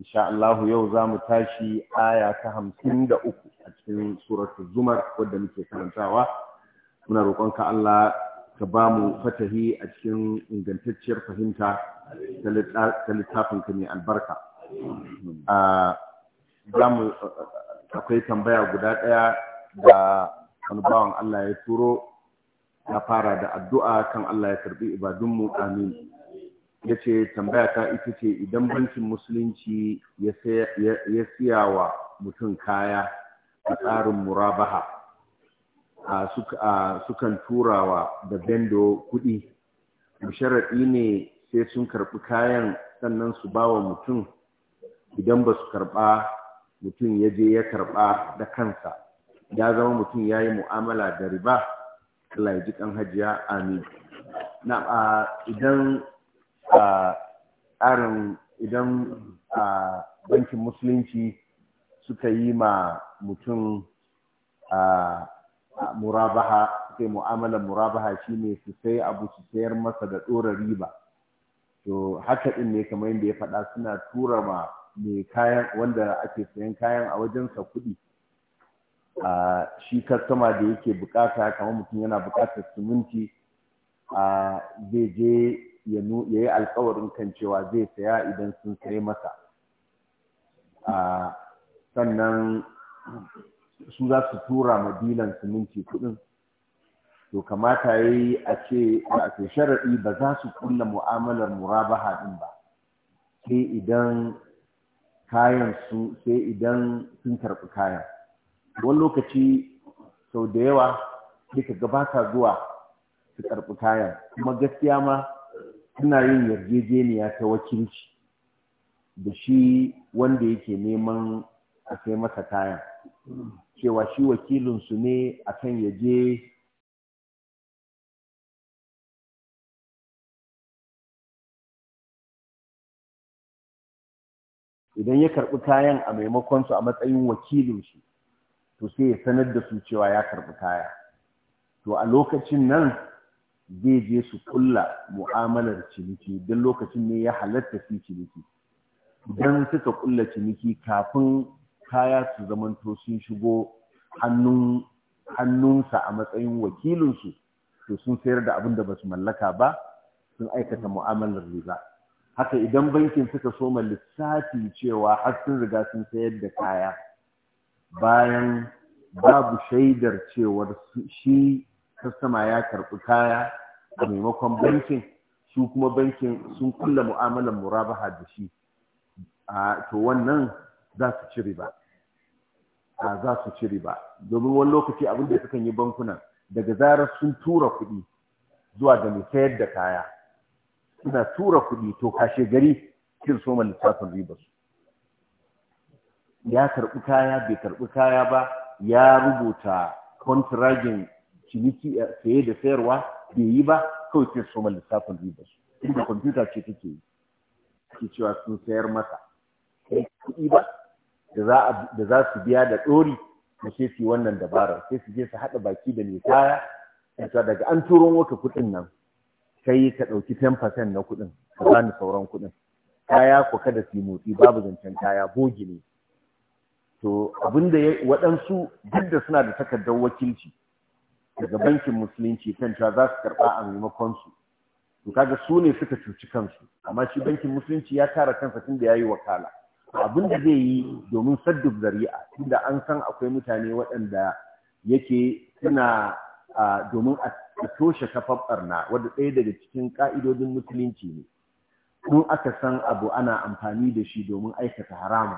insha Allah yau zamu tashi aya ta hamsin da uku a cikin suratu zumar wadda muke karantawa muna ka Allah ka ba mu fatahi a cikin ingantacciyar fahimta ta littafinka mai albarka akwai tambaya guda ɗaya da wani bawan Allah ya turo na fara da addu'a kan Allah ya karbi ibadunmu amin ya ce tambaya ta ita ce idan bankin musulunci ya siya wa mutum kaya a tsarin murabaha sukan turawa da bendo kuɗi sharaɗi ne sai sun karɓi kayan sannan su ba wa mutum idan ba su karɓa mutum ya je ya karɓa da kansa ya zama mutum ya yi mu'amala da riba Allah ya ji kan hajiya amin na idan tsarin idan bankin musulunci suka yi ma mutum murabaha sai mu'amalar murabaha shine su sai abu su sayar masa da ɗora riba to haka ɗin ne kamar yadda ya faɗa suna tura ma mai kayan wanda ake sayan kayan a wajensa kuɗi a shi kastama da yake bukata kamar mutum yana bukatar siminti a zai je ya yi alkawarin kan cewa zai saya idan sun sai masa sannan su za su tura madilan dilan siminti kuɗin to kamata ya yi a ce a sharaɗi ba za su kulla mu'amalar murabaha ɗin ba sai idan kayan su sai idan sun karɓi kayan wani lokaci sau da yawa sai ka gabata zuwa su karɓi kayan kuma gaskiya ma suna yin yarjejeniya ta wakilci da shi wanda yake neman a kai masa kayan cewa shi wakilinsu ne akan ya je idan ya karɓi kayan a maimakon su a matsayin wakilin shi to sai ya sanar da su cewa ya karɓi kaya to a lokacin nan zai je su kulla mu'amalar ciniki don lokacin ne ya halatta su ciniki idan suka kulla ciniki kafin kaya su zamanto sun shigo hannunsa a matsayin wakilinsu to sun sayar da abin da ba su mallaka ba sun aikata mu'amalar riga. haka idan bankin suka soma lissafi cewa har sun riga sun sayar da kaya bayan babu shaidar cewar shi kastama ya karɓi kaya a maimakon bankin su kuma bankin sun kulla mu'amalar murabaha da shi to wannan za su ci riba za su ci riba domin wani lokaci abin da sukan yi bankuna daga zarar sun tura kuɗi zuwa da mai sayar da kaya suna tura kuɗi to kashe gari kin soma lissafin ribar su ya karɓi kaya bai karɓi kaya ba ya rubuta kontragin ciniki eh, saye da sayarwa bai yi ba kawai sai su lissafin riba su inda kwamfuta ce take yi ake cewa sun sayar masa sai kuɗi ba da za su biya da ɗori na shefi su wannan dabarar sai su je su haɗa baki da mai kaya ta daga an turo maka kuɗin nan kai ka ɗauki 10% na kuɗin ka ni sauran kuɗin kaya ku kada su yi motsi babu zancen kaya bogi ne to abinda waɗansu duk da suna da takardar wakilci daga bankin musulunci kan cewa za su karɓa a maimakon su to kaga su ne suka cuci kansu amma shi bankin musulunci ya tara kansa tun da ya yi wakala abin da zai yi domin sadduk zari'a tunda an san akwai mutane waɗanda yake suna domin a toshe kafar barna wadda ɗaya daga cikin ƙa'idodin musulunci ne in aka san abu ana amfani da shi domin aikata harama.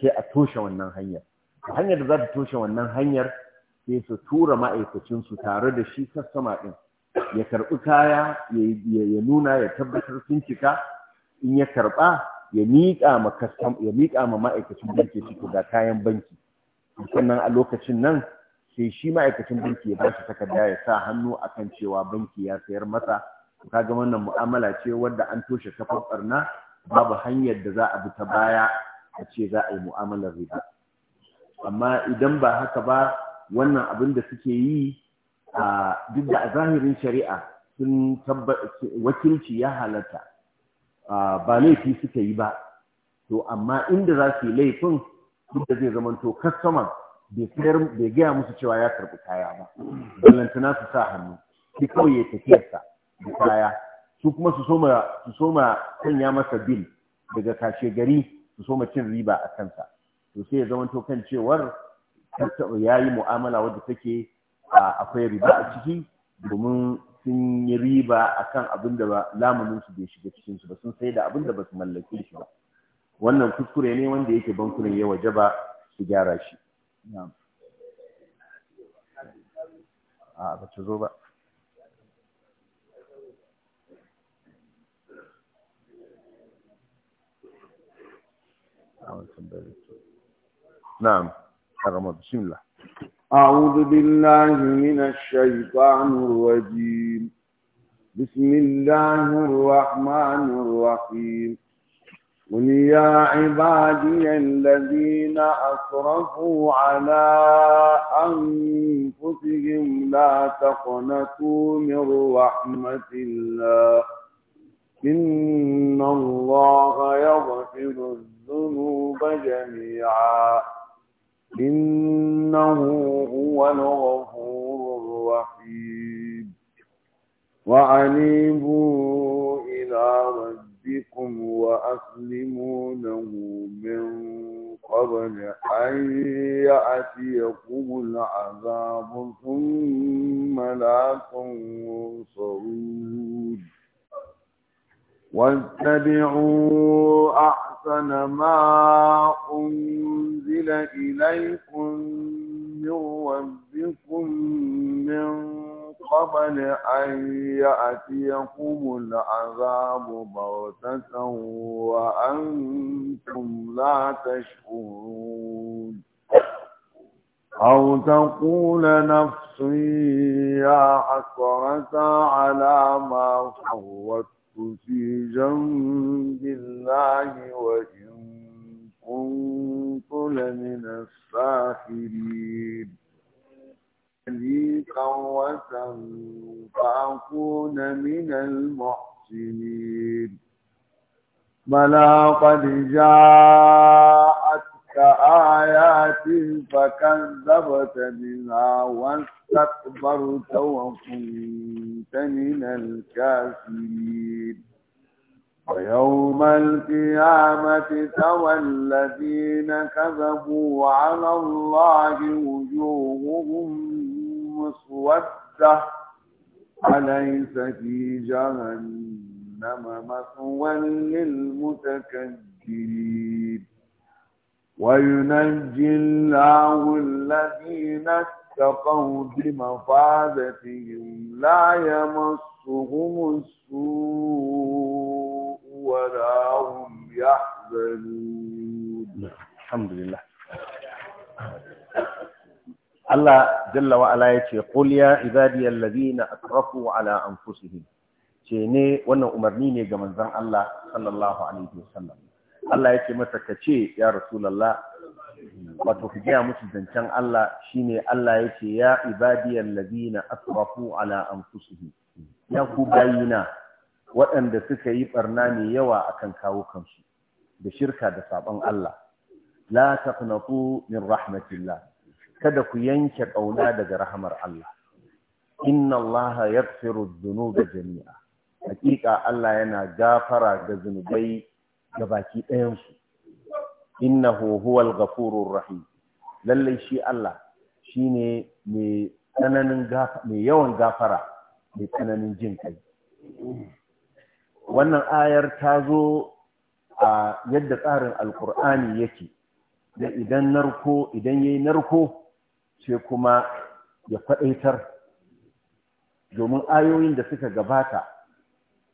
sai a toshe wannan hanyar hanyar da za ta toshe wannan hanyar sai su tura ma'aikacinsu tare da shi kastama ɗin ya karɓi kaya ya nuna ya tabbatar sun cika in ya karɓa ya miƙa ma ma'aikacin banki su ga kayan banki sannan a lokacin nan sai shi ma'aikacin banki ya shi takarda ya sa hannu akan cewa banki ya sayar masa kaga wannan mu'amala ce wadda an toshe kafar barna babu hanyar da za a bi ta baya a ce za a yi mu'amalar riba amma idan ba haka ba wannan abin da suke yi a duk da a zahirin shari'a sun wakilci ya halatta ba laifi suka yi ba to amma inda za su yi laifin duk da zai zamanto customer bai gaya musu cewa ya karɓi kaya ba ballantana su sa hannu shi kawai ya tafiyarsa da kaya su kuma su soma sanya masa bil daga kashe gari su soma cin riba a kansa to sai ya zamanto kan cewar ya yi mu'amala wadda take akwai riba a ciki domin sun yi riba a kan abin da lamunin su bai shiga cikin su ba sun sai da abin da ba su mallake shi ba wannan kuskure ne wanda yake bankunan ya waje ba su gyara shi a na'am بسم الله أعوذ بالله من الشيطان الرجيم بسم الله الرحمن الرحيم قل يا عبادي الذين أسرفوا على أنفسهم لا تقنطوا من رحمة الله إن الله يغفر الذنوب جميعا إنه هو الغفور الرحيم وأنيبوا إلى ربكم وأسلموا له من قبل أن يأتيكم العذاب ثم لا تنصرون واتبعوا أحسن ما أنزل إليكم من ربكم من قبل أن يأتيكم العذاب بغتة وأنتم لا تشكرون أو تقول نفسي يا حسرة على ما صوت في جنب الله وإن كنت لمن الساخرين لي قوة فأكون من المحسنين بلى قد جاءت آيات فكذبت بها واستكبرت وكنت من الكافرين ويوم القيامة ترى الذين كذبوا على الله وجوههم مسودة أليس في جهنم مثوى للمتكبرين وينجي الله الذين اتقوا بمفازتهم لا يمسهم السوء ولا هم يحزنون الحمد لله الله جل وعلا يتي قل يا عبادي الذين أترفوا على أنفسهم ce ne wannan umarni ne ga manzon Allah sallallahu alaihi wasallam Allah ya ce masa ka ce ya Rasulallah wato ku gaya musu zancen Allah shine Allah ya ce ya ibadiyal ladina asrafu ala anfusihim ya ku bayina waɗanda suka yi barna mai yawa akan kawo kansu da shirka da sabon Allah la taqnatu min rahmatillah kada ku yanke ƙauna daga rahmar Allah inna Allah yaghfiru dhunuba jami'a hakika Allah yana gafara ga zunubai ga baki ɗayansu inna huwal ghafurur rahim lallai shi Allah shine ne mai yawan gafara mai tsananin jin kai wannan ayar ta zo a yadda tsarin alkur'ani yake da idan narko idan yayi narko sai kuma ya faɗaitar domin ayoyin da suka gabata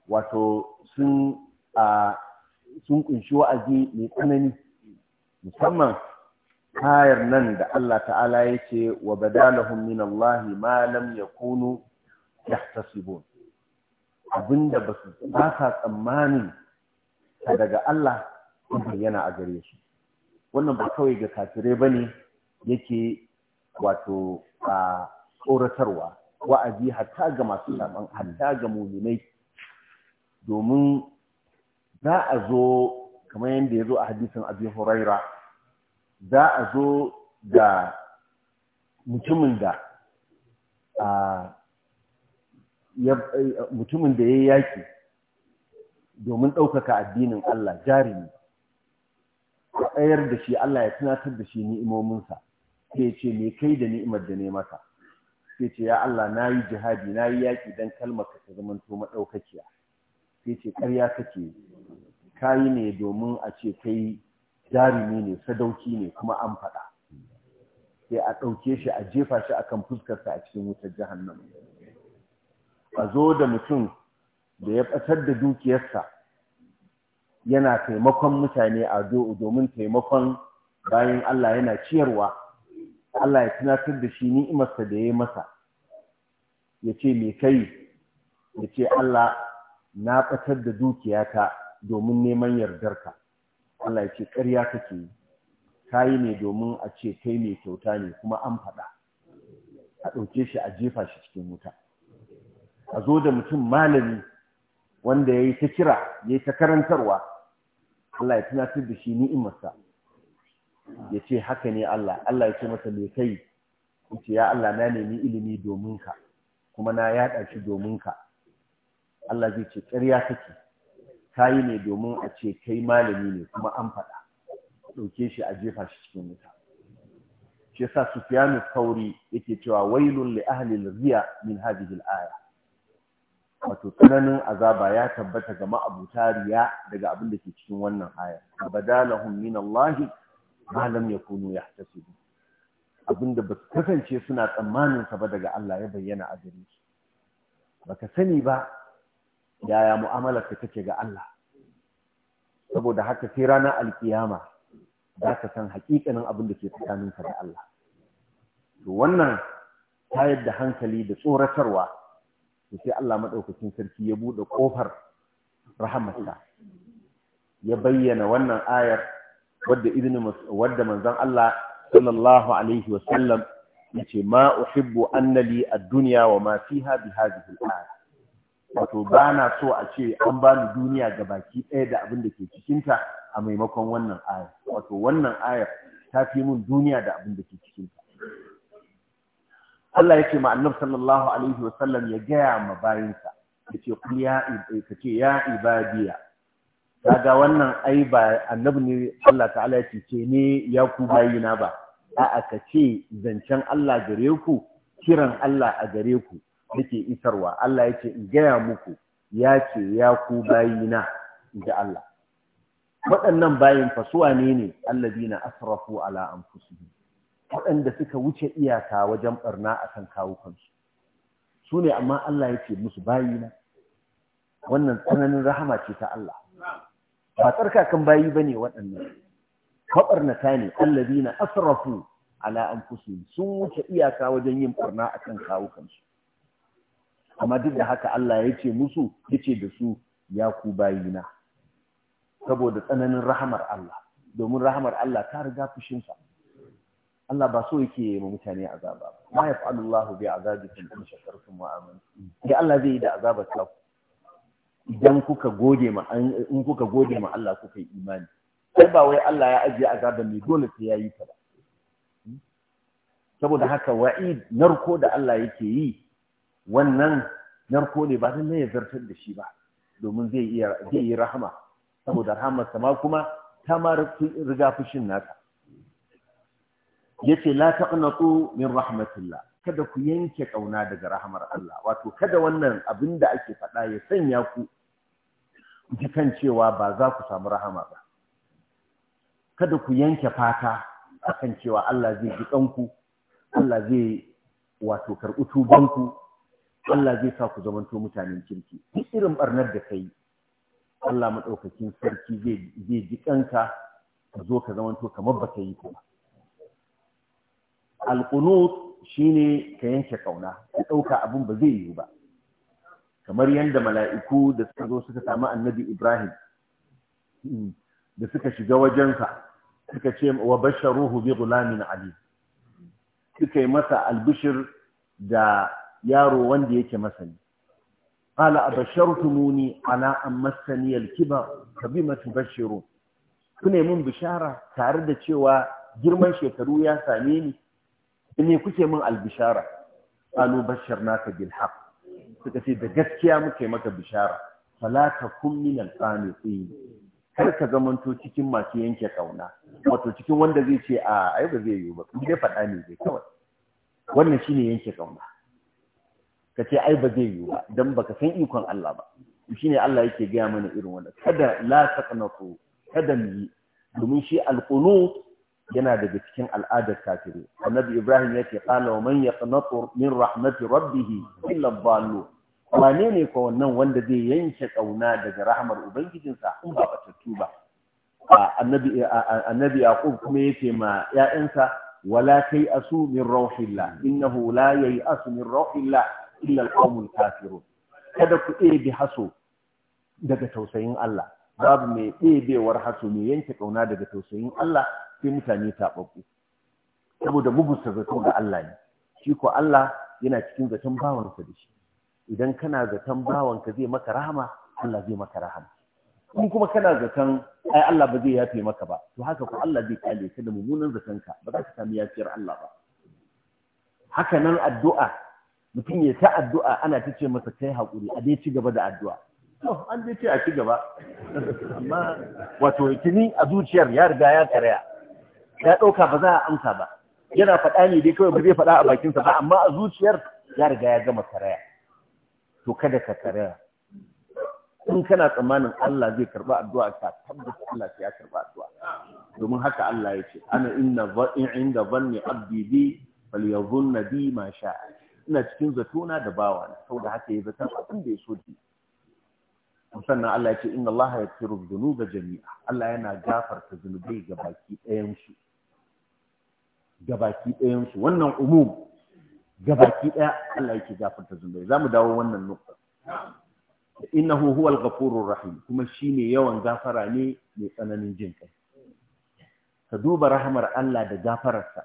wato sun a sun kunshi wa'azi mai tsanani musamman kayar nan da Allah ta'ala ya ce wa badalahun min Allah ma lam yakunu yahtasibun abinda ba su baka tsammanin ta daga Allah bayyana a gare su wannan ba kawai ga kafirai ne yake wato a tsoratarwa wa'azi hatta ga masu saman hatta ga muminai domin za a zo kamar yadda ya zo a hadisin abin huraira za a zo da mutumin da mutumin da ya yi yaƙi domin ɗaukaka addinin Allah jarumi a tsayar da shi Allah ya tunatar da shi ni'imominsa sai ce me kai da ni'imar da ne maka sai ce ya Allah na yi jihadi na yi yaƙi don kalmar ka ta zama to maɗaukakiya sai ce ƙarya kake kayi ne domin a ce kai jarumi ne sadauki ne kuma an faɗa sai a ɗauke shi a jefa shi akan fuskarsa a cikin wutar jahannama a zo da mutum da ya ɓatar da dukiyarsa yana taimakon mutane a zo domin taimakon bayan Allah yana ciyarwa Allah ya tunatar da shi ni'imarsa da ya yi masa ya ce me kai ya ce Allah na ɓatar da dukiyata domin neman yardarka Allah ya ce ƙarya kake yi yi ne domin a ce kai mai kyauta ne kuma an faɗa a ɗauke shi a jefa shi cikin wuta a zo da mutum malami wanda ya yi ta kira ya yi ta karantarwa Allah ya tunatar da shi ni'imarsa ya ce haka ne Allah Allah ya ce masa me kai ya ce ya Allah na nemi ilimi domin ka kuma na yaɗa shi domin ka Allah zai ce ƙarya kake ta yi ne domin a ce kai malami ne kuma an faɗa ɗauke shi a jefa shi cikin wuta shi yasa Sufyanu kauri yake cewa wailun li ahli riya min hadhihi al-aya wato tsananin azaba ya tabbata ga ma'abuta riya daga abin da ke cikin wannan aya badalahum min Allah ma lam yakunu Abin da ba kasance suna tsammanin sa ba daga Allah ya bayyana a gare su baka sani ba yaya mu'amalar ka take ga Allah saboda haka sai ranar alkiyama za ka san hakikanin abin da ke tsakaninka da Allah to wannan tayar da hankali da tsoratarwa to sai Allah madaukakin sarki ya bude kofar rahamarsa ya bayyana wannan ayar wadda idin wadda manzon Allah sallallahu alaihi wasallam yace ma uhibbu annali ad-dunya wa ma fiha bi hadhihi al-ayah wato ba na so a ce an bani duniya ga baki ɗaya da abin da ke cikinta a maimakon wannan aya wato wannan aya ta fi mun duniya da abin da ke cikinta Allah ya ce ma annabi sallallahu alaihi wa sallam ya gaya ma bayinsa Ya ce ya kace ya ibadiya kaga wannan ai ba annabi ne Allah ta'ala ya ce ne ya ku bayina ba a'a kace zancen Allah gare ku kiran Allah a gare ku nake isarwa Allah ya ce in gaya muku ya ce ya ku bayina da Allah waɗannan bayin fasuwa ne ne allazina asrafu ala anfusihim waɗanda suka wuce iyaka wajen barna akan kansu su ne amma Allah ya ce musu bayina wannan tsananin rahama ce ta Allah ba tsarkakan bayi bane waɗannan maɓarnata ne allazina asrafu ala anfusihim sun wuce iyaka wajen yin barna akan kansu amma duk da haka Allah ya ce musu ya ce da su ya ku bayina saboda tsananin rahamar Allah domin rahamar Allah ta riga fushinsa Allah ba so yake yi mutane azaba ba ma ya fa'alu Allah bi azabikum in shakartum wa amantum sai Allah zai yi da azabar ku idan kuka gode ma in kuka gode ma Allah kuka yi imani sai ba wai Allah ya ajiye azabar ne dole sai yayi ta ba hmm? saboda haka wa'id narko da Allah yake yi wannan narko ne ba lallai ya zartar da shi ba domin zai yi rahama saboda rahama sama kuma ta ma riga fushin nata yace la taqnatu min rahmatillah kada ku yanke ƙauna daga rahamar Allah wato kada wannan abin da ake faɗa ya sanya ku ji kan cewa ba za ku samu rahama ba kada ku yanke fata akan cewa Allah zai ji kanku Allah zai wato karɓi tubanku Allah zai sa ku zamanto mutanen kirki duk irin barnar da kai Allah madaukakin sarki zai zai ji kanka ka zo ka zamanto kamar ba ka yi kuma shi shine ka yanke ƙauna. ka dauka abin ba zai yi ba kamar yadda mala'iku da suka zo suka samu annabi Ibrahim hmm, da suka shiga wajensa suka ce wa basharuhu bi gulamin ali suka yi masa albishir da yaro wanda yake masani qala abashartumuni ala an massani al-kibar fabima Ku kune mun bishara tare da cewa girman shekaru ya same ni me kuke mun albishara qalu naka bil haqq suka ce da gaskiya muke maka bishara fala takum min al-qanitin kar ka zamanto cikin masu yanke kauna wato cikin wanda zai ce a ai ba zai yiwu ba kuma dai faɗa ne zai kawai wannan shine yanke kauna ka ce ai ba zai yiwu ba dan baka san ikon Allah ba shine Allah yake gaya mana irin wannan kada la taqnatu kada yi domin shi alqunut yana daga cikin al'adar kafiri annabi Ibrahim yake qala wa man yaqnatu min rahmati rabbih illa dhallu wane ne ko wannan wanda zai yanke kauna daga rahmar ubangijinsa in ba batattu ba annabi annabi yaqub kuma yake ma 'ya'yansa, wala kai asu min rauhillah innahu la yai'asu min rauhillah illa alqawmul kafirun kada ku ɗebe haso daga tausayin Allah babu mai ɗebewar haso mai yanke kauna daga tausayin Allah sai mutane taɓaɓɓu saboda mugunta zato ga Allah ne shi ko Allah yana cikin zaton bawansa da shi idan kana zaton bawanka zai maka rahama Allah zai maka rahama in kuma kana zaton ai Allah ba zai yafe maka ba to haka ko Allah zai kale ka da mummunan zaton ka ba za ka sami yafiyar Allah ba haka nan addu'a mutum ya ta addu'a ana ta ce masa kai haƙuri a dai ci gaba da addu'a an dai ce a ci gaba amma wato kini a zuciyar ya riga ya karaya ya ɗauka ba za a amsa ba yana faɗa ne dai kawai ba zai faɗa a bakinsa ba amma a zuciyar ya riga ya gama karaya to kada ka karaya in kana tsammanin Allah zai karba addu'a ka tabbata Allah ya karba addu'a domin haka Allah ya ce ana inna inda zanni abdi bi na bi ma sha'a ina cikin zatona da bawana da haka ya zata abin da ya so da sannan Allah ya ce inna Allah ya firu ga jami'a Allah yana gafarta zunubai ga baki ɗayan su ga baki ɗayan su wannan umum ga baki ɗaya Allah yake gafarta zunubai mu dawo wannan nukta innahu huwal ghafurur rahim kuma shine yawan gafara ne mai tsananin jin kai ka duba rahamar Allah da gafararsa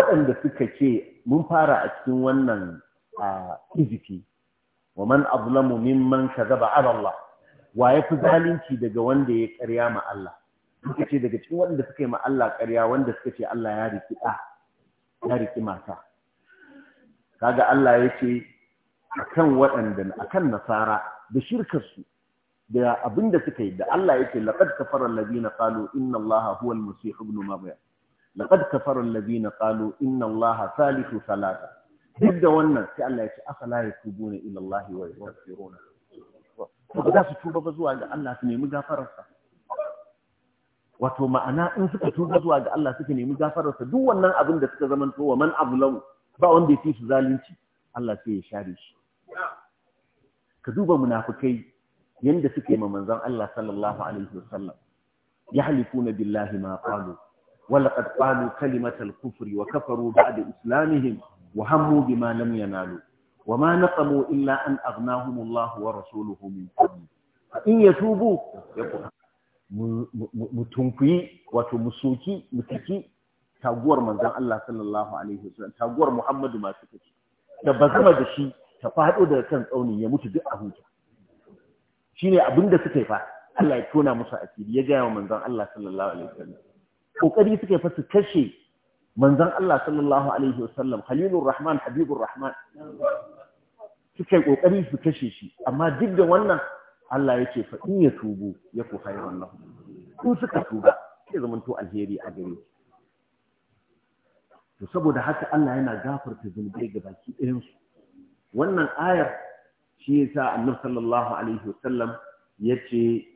waɗanda suka ce mun fara a cikin wannan izifi wa man azlamu mimman kazaba ala wa ya fi zalunci daga wanda ya karya ma Allah suka ce daga cikin waɗanda suka yi ma Allah karya wanda suka ce Allah ya riki ɗa ya riki mata kaga Allah ya ce akan waɗanda nasara da shirkarsu da abin da suka yi da Allah yake laqad kafara alladhina qalu inna Allah huwa al-masih ibn maryam laqad kafara alladhina qalu inna allaha thalithu thalatha duk da wannan sai Allah ya ce afala yatubuna ila Allah wa yastaghfiruna ba za su tuba ba zuwa ga Allah su nemi gafararsa wato ma'ana in suka tuba zuwa ga Allah suka nemi gafararsa duk wannan abin da suka zamanto wa man azlamu ba wanda ya fi su zalunci Allah sai ya share shi ka duba munafikai yanda suke ma manzon Allah sallallahu alaihi wasallam yahlifuna billahi ma qalu ولقد قالوا كلمة الكفر وكفروا بعد إسلامهم وهموا بما لم ينالوا وما نقموا إلا أن أغناهم الله ورسوله من فضله فإن يتوبوا يقول mutunkuyi wato musoki mutaki taguwar manzon Allah sallallahu alaihi wasallam taguwar Muhammadu ma suka ce da bazama da shi ta fado daga kan tsaunin ya mutu duk a huta shine abinda suka yi fa Allah ya tona musu asiri ya ga wa Allah sallallahu alaihi kokari suka fa su kashe manzon Allah sallallahu alaihi wasallam Khalilur Rahman Habibur Rahman suka yi kokari su kashe shi amma duk da wannan Allah ya ce fa in ya tubu ya ku khairan lahum in suka tuba sai zamanto alheri a gare to saboda haka Allah yana gafarta zunubai ga baki ɗayan su wannan ayar shi yasa Annabi sallallahu alaihi wasallam yace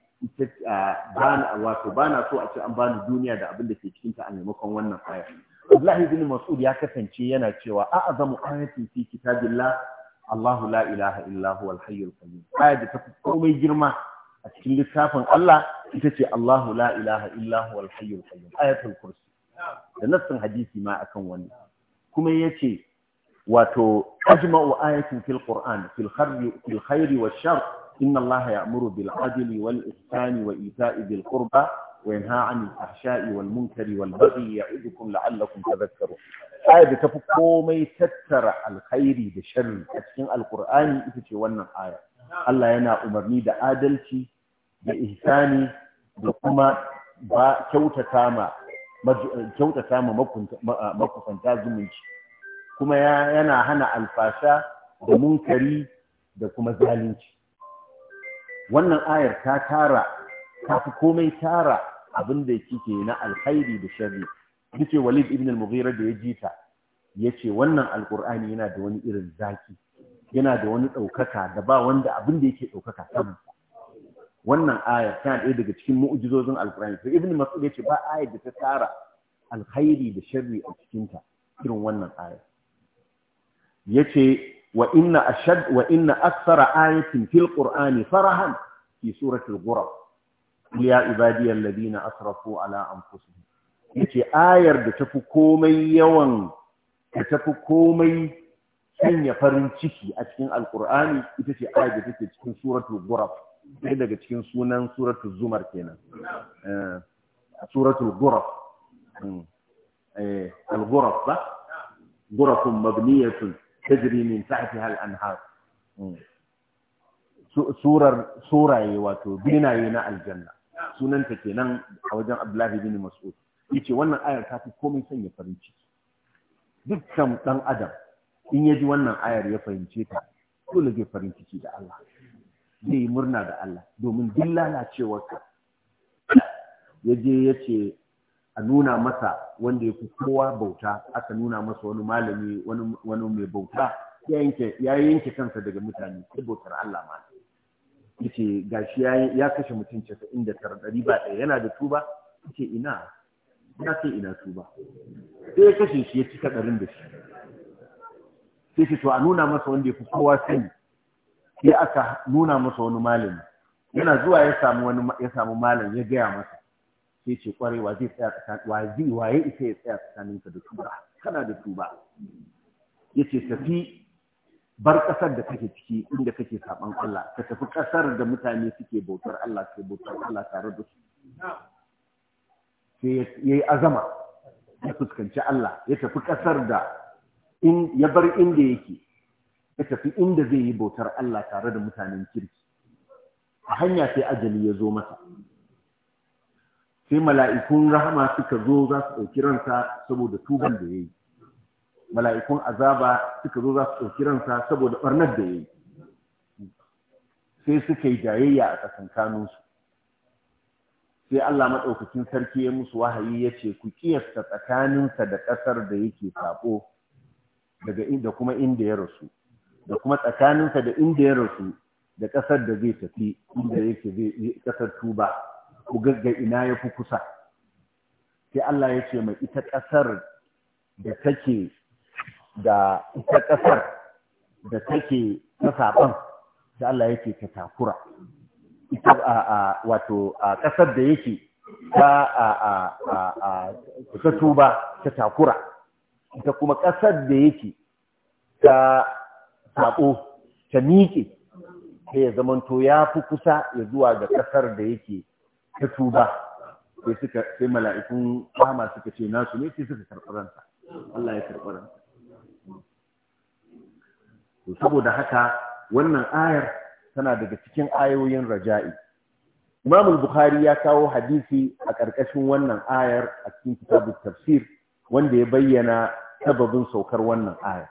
wato bana so a ce an bani duniya da abin da ke cikin ta a maimakon wannan aya Abdullahi bin Mas'ud ya kasance yana cewa a'azamu ayatin fi kitabillah Allahu la ilaha illa huwa al-hayyul qayyum da ta komai girma a cikin littafin Allah ita ce Allahu la ilaha illa huwa al-hayyul qayyum ayatul kursi da nassin hadisi ma akan wannan kuma yace wato ajma'u ayatin fil qur'an fil khairi fil khairi wash-sharr inna allaha ya'muru bil adli wal ihsani wa ita'i bil qurba wa yanha 'anil fahsha'i wal munkari wal baghi ya'idukum la'allakum tadhakkarun ayat da tafi komai tattara alkhairi da sharri a cikin alqur'ani ita ce wannan aya Allah yana umarni da adalci da ihsani da kuma kyautata ma kyautata zumunci kuma yana hana alfasha da munkari da kuma zalunci wannan ayar ta tara ta fi komai tara abin da kike na alkhairi da sharri yace Walid ibn al-Mughira da ya ji ta yace wannan alqur'ani yana da wani irin zaki yana da wani daukaka da ba wanda abin da yake daukaka sama wannan aya tana ɗaya daga cikin mu'jizozin alqur'ani to ibn Mas'ud yace ba ayar da ta tara alkhairi da sharri a cikin ta irin wannan aya yace wa inna ashad wa inna akthara ayatin fil qur'ani farahan fi surati al-ghurab ya ibadiy alladhina asrafu ala anfusihim yace ayar da tafi komai yawan da tafi komai sanya farin ciki a cikin alkur'ani ita ce ayar da take cikin suratul ghurab ɗaya daga cikin sunan suratul zumar kenan eh, suratul ghurab hmm. eh, al-ghurab ba ghurafun mabniyatun tajri min hal al-anhar surar suraye wato binaye na aljanna sunanta kenan a wajen Abdullahi bin Mas'ud ce wannan ayar ta fi komai sanya farin ciki dukkan ɗan adam in ya ji wannan ayar ya fahimce ta dole zai farin ciki da Allah zai yi murna da Allah domin duk lalacewar ya yaje ya ce a nuna masa wanda ya fi kowa bauta aka nuna masa wani malami wani mai bauta ya yanke kansa daga mutane sai bautar Allah ma yace gashi ya kashe mutum 99 ɗari ba ɗaya yana da tuba yace ina ya ce ina tuba sai ya kashe shi ya cika ɗarin da shi sai ce to a nuna masa wanda ya fi kowa sani sai aka nuna masa wani malami yana zuwa ya samu wani ya samu malam ya gaya masa sai ce wa zai tsaya tsakanin wa zai waye isa ya tsaya ka da tuba kana da tuba yace tafi bar kasar da kake ciki inda kake saban Allah ka tafi kasar da mutane suke bautar Allah suke bautar Allah tare da su sai yayi azama ya fuskanci Allah ya tafi kasar da in ya bar inda yake ya tafi inda zai yi bautar Allah tare da mutanen kirki a hanya sai ajali ya zo masa sai mala'ikun rahama suka zo za su ɗauki ransa saboda tuban da ya yi mala'ikun azaba suka zo za su ɗauki ransa saboda ɓarnar da ya yi sai suka yi jayayya a ƙasan kanunsu sai Allah maɗaukakin sarki ya musu wahayi ya ce ku ƙiyasta tsakaninsa da ƙasar da yake saɓo da kuma inda ya rasu da kuma tsakaninsa da inda ya rasu da ƙasar da zai tafi inda yake ƙasar tuba ku gagga ina ya fi kusa sai Allah ya ce mai ita ƙasar da take da ita ƙasar da take ta sai Allah ya ce ta takura ita a wato a ƙasar da yake ta a a a ta tuba ta takura ita kuma ƙasar da yake ta taɓo ta miƙe sai ya zamanto ya fi kusa ya zuwa ga ƙasar da yake ta tuba sai suka sai mala'ikun rahama suka ce nasu ne sai suka karɓi Allah ya karɓi to saboda haka wannan ayar tana daga cikin ayoyin raja'i Imam al-Bukhari ya kawo hadisi a ƙarƙashin wannan ayar a cikin kitabut tafsir wanda ya bayyana sababin saukar wannan ayar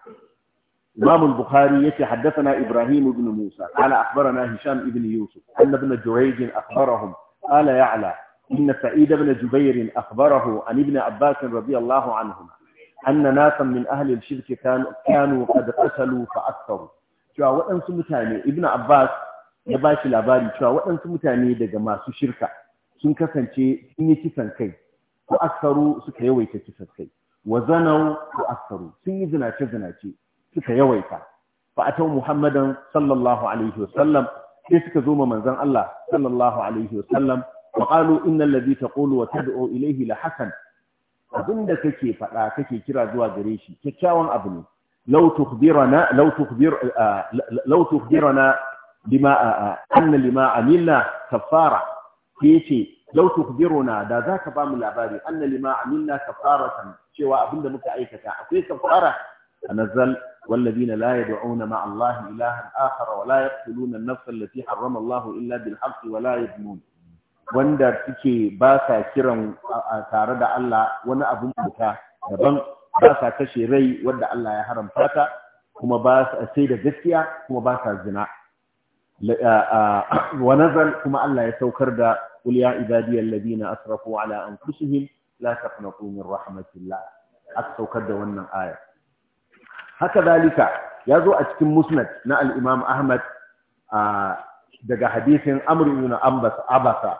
إمام البخاري يتي حدثنا إبراهيم بن موسى قال أخبرنا هشام بن Yusuf, أن ابن جريج أخبرهم قال يعلى إن سعيد بن جبير أخبره عن ابن عباس رضي الله عنهما أن ناسا من أهل الشرك كانوا, كانوا قد ibn abbas ya ba shi labari cewa waɗansu mutane daga masu shirka sun kasance sun yi kisan kai ku aksaru suka yawaita kisan kai wa zanau ko aksaru sun yi zinace zinace suka yawaita fa atau sallallahu alaihi wasallam sai suka zo ma manzon Allah sallallahu alaihi wasallam wa qalu innal ladhi taqulu wa tad'u ilayhi la hasan abinda kake faɗa kake kira zuwa gare shi kyakkyawan abu ne law tukhbirana law tukhbir law tukhbirana bima anna lima amilna kafara yace law tukhbiruna da zaka ba mu labari anna lima amilna kafaratan cewa abinda muka aikata akwai kafara anzal والذين لا يدعون مع الله إلها آخر ولا يقتلون النفس التي حرم الله إلا بالحق ولا يذنون wanda suke ba sa kiran tare da Allah wani abun buka daban ba kashe rai wanda Allah ya haramta ta kuma ba sa sai da gaskiya kuma ba zina wa nazal kuma Allah ya saukar da qul ya ibadiyal ladina asrafu ala anfusihim la taqnatu min rahmatillah aka saukar da wannan aya haka zalika ya zo a cikin musnad na al'imam ahmad daga hadisin amr ibn abasa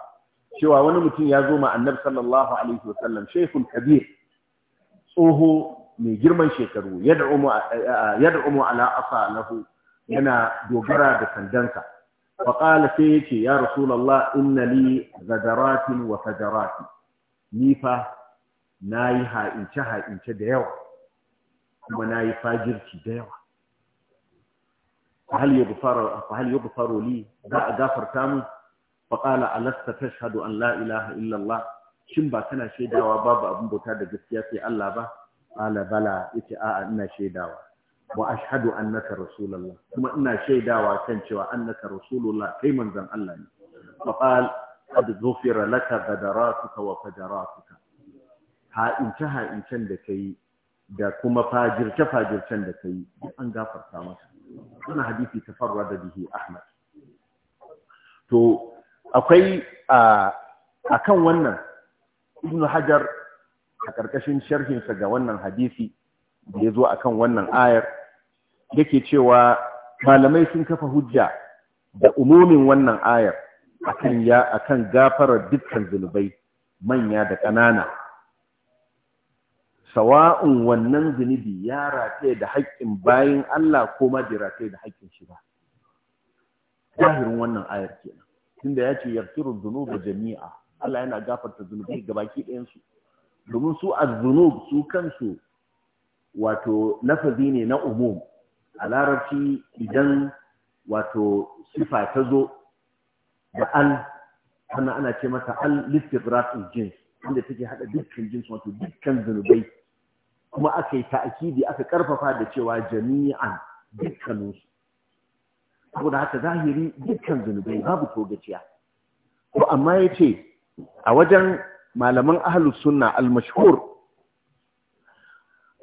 cewa wani mutum ya zo ma annabi sallallahu alaihi wasallam shaykhul kabir tsoho mai girman shekaru yadda ala asa lahu yana dogara da sandansa faƙala sai ya ce ya rasulallah inna li gadaratin wa fajarati ni fa na yi ha'ince ha'ince da yawa kuma na yi fajirci da yawa fahal yi gufaro li za a gafarta mu faƙala alasta ta shahadu an la ilaha illallah shin ba kana shaidawa babu abin bauta da gaskiya sai Allah ba ala bala yace a'a ina shaidawa wa ashhadu annaka rasulullah kuma ina shaidawa kan cewa annaka rasulullah kai manzon Allah ne faqal qad ghufira laka ghadaratuka wa fajaratuka ha in ta ha in can da kai da kuma fajirce-fajircen da ka yi an gafarta masa Wannan hadisi ta farwa da bihi ahmad to akwai a kan wannan ibn hajar a ƙarƙashin sharhinsa ga wannan hadisi da ya zo a kan wannan ayar yake cewa malamai sun kafa hujja da umumin wannan ayar akan ya akan gafarar dukkan zunubai manya da ƙanana sawa'un wannan zunubi ya rataye da haƙƙin bayan Allah ko ma bai rataye da haƙƙin shi ba zahirin wannan ayar kenan tunda ya ce yaghfiru zunubu jami'a Allah yana gafarta zunubi gabaki ɗayan su domin su a zunub su kansu wato lafazi ne na umum a larabci idan wato sifa ta zo da al ana ce mata al-listighraq jins inda take hada dukkan jins wato dukkan zunubai kuma aka yi ta'akidi aka karfafa da cewa jami'an dukkanin su saboda haka zahiri dukkan zunubai babu togaciya Ko amma yace a wajen malaman ahlus sunna al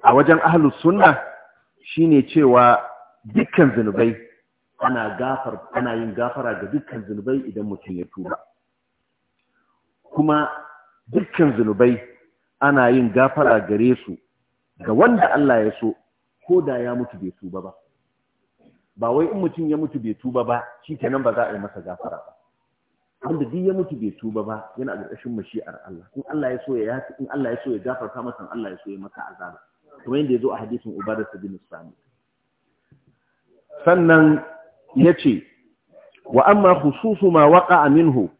a wajen ahlus sunna shine cewa dukkan zunubai ana gafar ana yin gafara ga dukkan zunubai idan mutum ya tuba kuma dukkan zunubai ana yin gafara gare su ga wanda Allah ya so ko da ya mutu bai tuba ba ba wai in mutum ya mutu bai tuba ba shi kenan ba za a yi masa gafara ba wanda duk ya mutu bai tuba ba yana ƙarƙashin mashi'ar Allah in Allah ya so ya yafi in Allah ya so ya gafarta masa Allah ya so ya masa azaba kamar ya zo a hadisin Ubadah bin Sami sannan yace wa amma khususu ma waqa'a minhu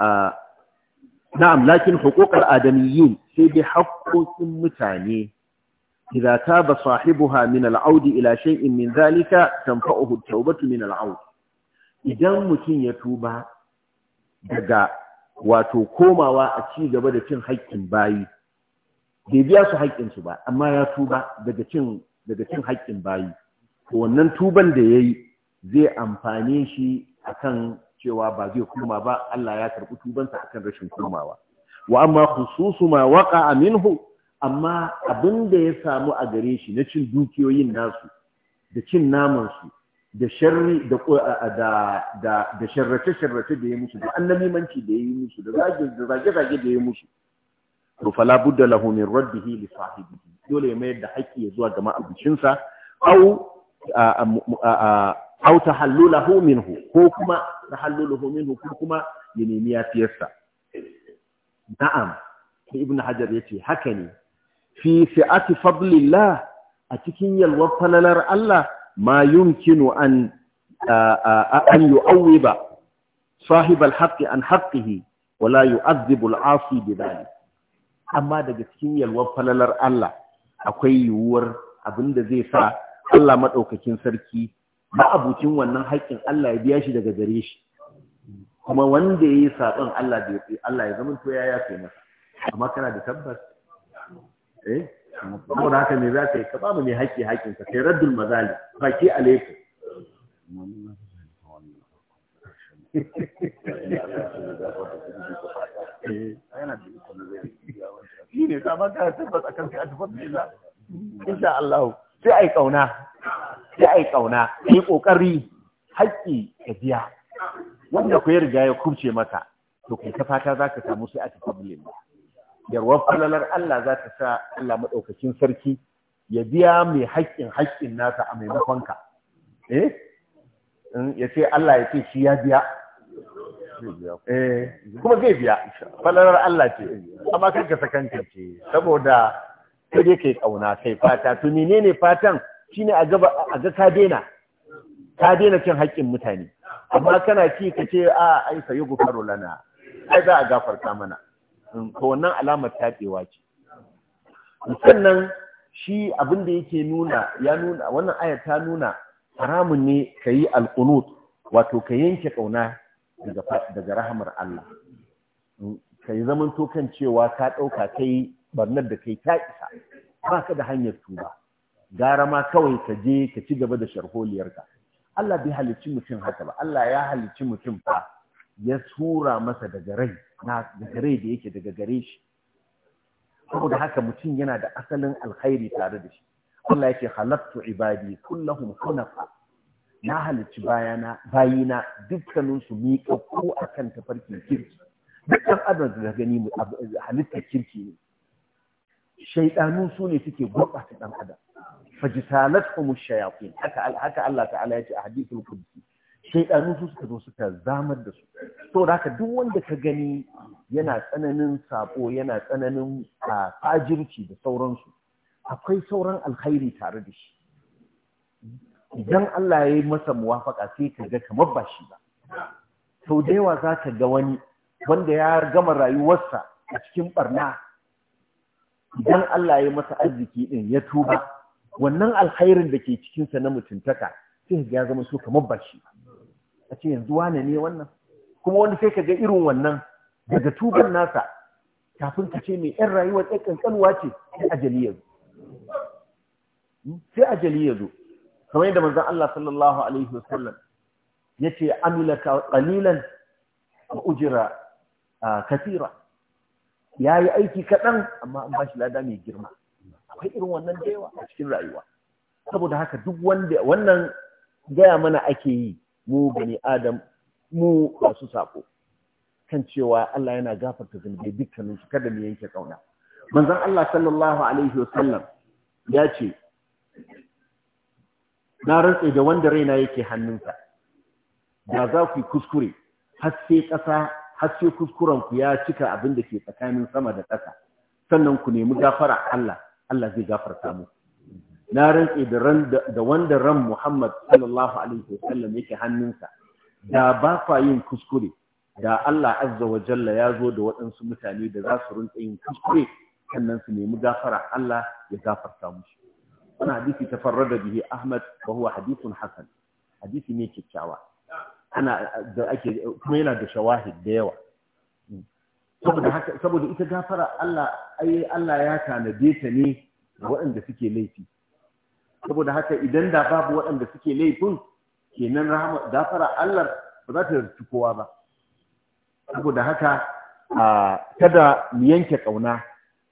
a ah, na'am lakin huququl adamiyyin sai bi haqqoqin mutane idza taba sahibuha min al'aud ila shay'in min zalika tanfa'uhu at-taubatu min al'aud idan mutun ya tuba daga wato komawa a ci gaba da cin haƙƙin bayi bai biya su haƙƙin su ba amma ya tuba daga cin daga cin haƙƙin bayi to wannan tuban da yayi zai amfane shi akan cewa ba zai kuma ba Allah ya karɓi tubansa akan rashin komawa wa amma khususu ma waqa minhu amma abin da ya samu a gare shi na cin dukiyoyin nasu da cin naman su da sharri da da da sharrace sharrace da ya musu da annabimanci da ya yi musu da zage zage zage da ya musu to fala budda lahu min li sahibihi dole ya mayar da haƙƙi ya zuwa ga ma'abucinsa au aw tahallulahu minhu ko kuma tahallulahu minhu ko kuma ya nemi na'am ibn hajar yace haka ne fi fi'ati fadlillah a cikin yalwar falalar Allah ma yumkinu an an yu'awwiba sahib al-haqqi an haqqihi wa la yu'adhibu al-'asi bidhalik amma daga cikin yalwar falalar Allah akwai yiwuwar abinda zai sa Allah madaukakin sarki ma'abucin wannan haƙƙin Allah ya biya shi daga gare shi kuma wanda ya yi saƙon Allah da ya Allah ya zama toya ya yafe masa amma kana da tabbas eh saboda haka me za ka yi ka bamu mu ne haƙƙi haƙƙin ka sai raddul mazali baki alaikum shi ne ta ba ka tabbas kan fi a tabbas insha Allah sai yi ƙauna, sai ƙauna, kauna yi ƙoƙari, haƙƙi ka biya wanda ku yi riga ya kurce maka to kai ta fata za ka samu sai a problem yarwar falalar Allah za ta sa Allah maɗaukacin sarki ya biya mai haƙƙin haƙƙin nasa a maimakon ka eh ya ce Allah ya ce shi ya biya Eh kuma zai biya falalar Allah ce amma kan ka ce saboda sai ka yi ƙauna kai fata to menene fatan shine a a ga ka daina ka daina cin haƙƙin mutane amma kana ci ka ce a ai yi gufaro lana ai za a gafarta mana mm, to wannan alamar tabewa ce sannan shi abin da yake nuna ya nuna wannan aya ta nuna haramun ne kayi alqunut wato ka yanke ƙauna daga daga rahamar Allah mm, kai zaman to kan cewa ka dauka kai barnar da kai ta isa ba ka da hanyar tuba gara ma kawai ka je ka ci gaba da sharholiyarka Allah bai halicci mutum haka ba Allah ya halicci mutum fa ya tura masa daga rai na daga rai da yake daga gare shi saboda haka mutum yana da asalin alkhairi tare da shi Allah yake halattu ibadi kullahum hunafa na halicci bayana bayina dukkanin su miƙa ko akan tafarkin kirki dukkan adam da gani halitta kirki ne shaidanu su ne suke gurɓata ɗan adam fajitalat umu shayatin haka haka Allah ta'ala ya ce a hadisul qudsi shaidanu su suka zo suka zamar da su to haka duk wanda ka gani yana tsananin sako yana tsananin fajirci da sauransu akwai sauran alkhairi tare da shi idan Allah ya yi masa muwafaka sai ka ga kamar ba shi ba sau da yawa za ka ga wani wanda ya gama rayuwarsa a cikin barna idan Allah ya masa arziki din ya tuba wannan alkhairin da ke cikinsa na mutuntaka sai ya zama so kamar shi a ce yanzu wane ne wannan kuma wani sai ka ga irin wannan daga tuban nasa kafin ka ce mai yan rayuwar ɗan ƙanƙanuwa ce sai ajali ya zo hmm? sai ajali ya zo kamar yadda manzon Allah sallallahu alaihi wasallam yace amila qalilan wa ujira kathira ya yi aiki kaɗan amma an ba shi lada mai girma akwai irin wannan da yawa a cikin rayuwa saboda haka duk wanda wannan gaya mana ake yi mu bani adam mu masu sako kan cewa Allah yana gafarta zunubai dukkanin su kada mu yanke kauna manzon Allah sallallahu alaihi wasallam ya ce na rantse da wanda raina yake hannunsa da za ku kuskure har sai ƙasa har sai kuskuren ku ya cika abin da ke tsakanin sama da ƙasa sannan ku nemi gafara Allah Allah zai gafarta mu na rantse da ran da wanda ran Muhammad sallallahu alaihi wasallam yake hannunsa da ba fa yin kuskure da Allah azza wa jalla ya zo da waɗansu mutane da za su rinka yin kuskure sannan su nemi gafara Allah ya gafarta musu wannan hadisi tafarrada bihi Ahmad wa huwa hadithun hasan hadisi ne kyakkyawa ana da ake kuma yana da shawahid da yawa saboda haka saboda ita gafara Allah ai Allah ya tanade ta ne ga waɗanda suke laifi saboda haka idan da babu waɗanda suke laifin kenan rahama gafara Allah ba za ta yarci kowa ba saboda haka kada mu yanke ƙauna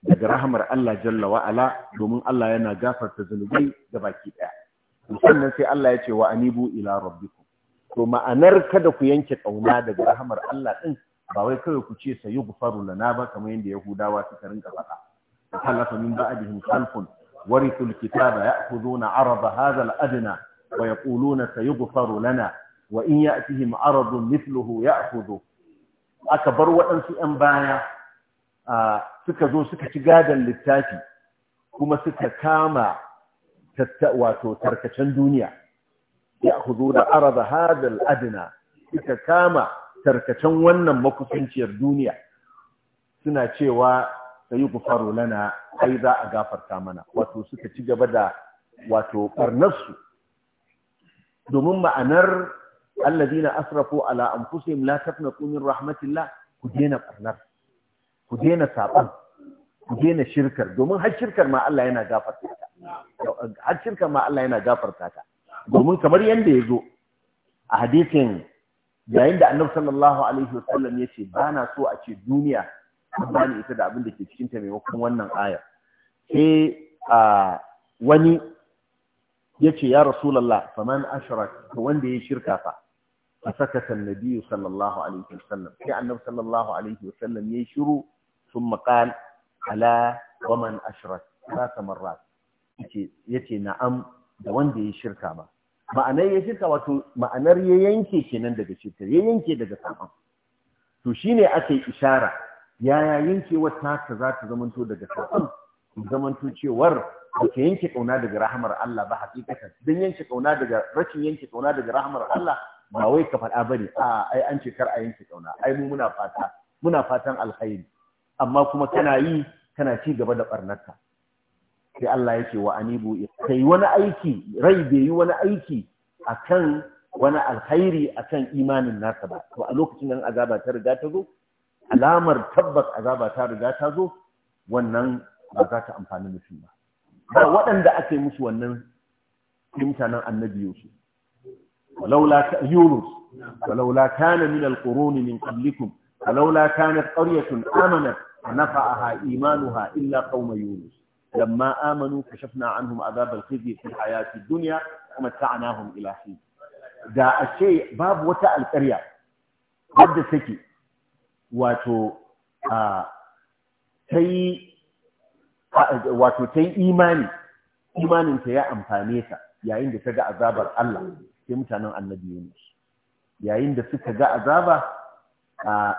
daga rahamar Allah jalla wa ala domin Allah yana gafarta zunubai ga baki daya sannan sai Allah ya ce wa anibu ila rabbikum to ma'anar kada ku yanke ƙauna daga rahamar Allah ɗin ba wai kawai ku ce sayi gufaru lana ba kamar yadda Yahudawa suka rinka faɗa. Halafa min ba'adihim khalfun warithul kitaba ya'khuduna 'arada hadha al-adna wa yaquluna sayughfaru lana wa in ya'tihim 'aradun mithluhu ya'khudhu aka bar waɗansu 'yan baya suka zo suka ci gadon littafi kuma suka kama wato tarkacen duniya ya'khuduna da hadha al-adna suka kama tarkacen wannan makusanciyar duniya suna cewa sai faru lana ai za a gafarta mana wato suka ci gaba da wato barnarsu domin ma'anar allazina asrafu ala anfusihim la taqnatu min rahmatillah ku daina barnar ku daina saban ku daina shirkar domin har shirkar ma Allah yana gafartata. domin kamar yadda ya zo a hadisin yayin da annabi sallallahu alaihi wasallam ya ce ba na so a ce duniya an bani ita da abin da ke cikin ta maimakon wannan ayar sai a wani ya ce ya rasulallah faman ashrak wanda ya shirka fa fa sakata annabi sallallahu alaihi wasallam sai annabi sallallahu alaihi wasallam ya shiru sun qala ala waman ashrak thalath marrat yace yace na'am da wanda ya shirka ba. ma'anar ya shirka wato ma'anar ya yanke kenan daga shirka ya yanke daga saman to shi ne ake ishara yaya wata taka za ta zamanto daga saman zamanto cewar ka yanke kauna daga rahamar Allah ba hakikatan don yanke kauna daga rashin yanke kauna daga rahamar Allah ba wai ka faɗa bane a ai an ce kar a yanke kauna ai mu muna fata muna fatan alkhairi amma kuma kana yi kana ci gaba da ɓarnaka. sai Allah yake wa anibu kai wani aiki rai bai yi wani aiki akan wani alkhairi akan imanin nasa ba to a lokacin nan azaba ta riga ta zo alamar tabbas azaba ta riga ta zo wannan ba za ta amfani mutum ba ba waɗanda aka yi musu wannan mutanen annabi Yusuf walaula Yunus walaula kana min alquruni min qablikum walaula kanat qaryatun amanat nafa'aha imanuha illa qauma Yunus lamma amanu kashafna anhum azab al-khizy fi hayati dunya wa mata'nahum ila hin da a ce babu wata alƙarya wadda take wato ta yi wato ta imaninta ya amfane ta yayin da ta ga azabar Allah sai mutanen annabi Yunus yayin da suka ga azaba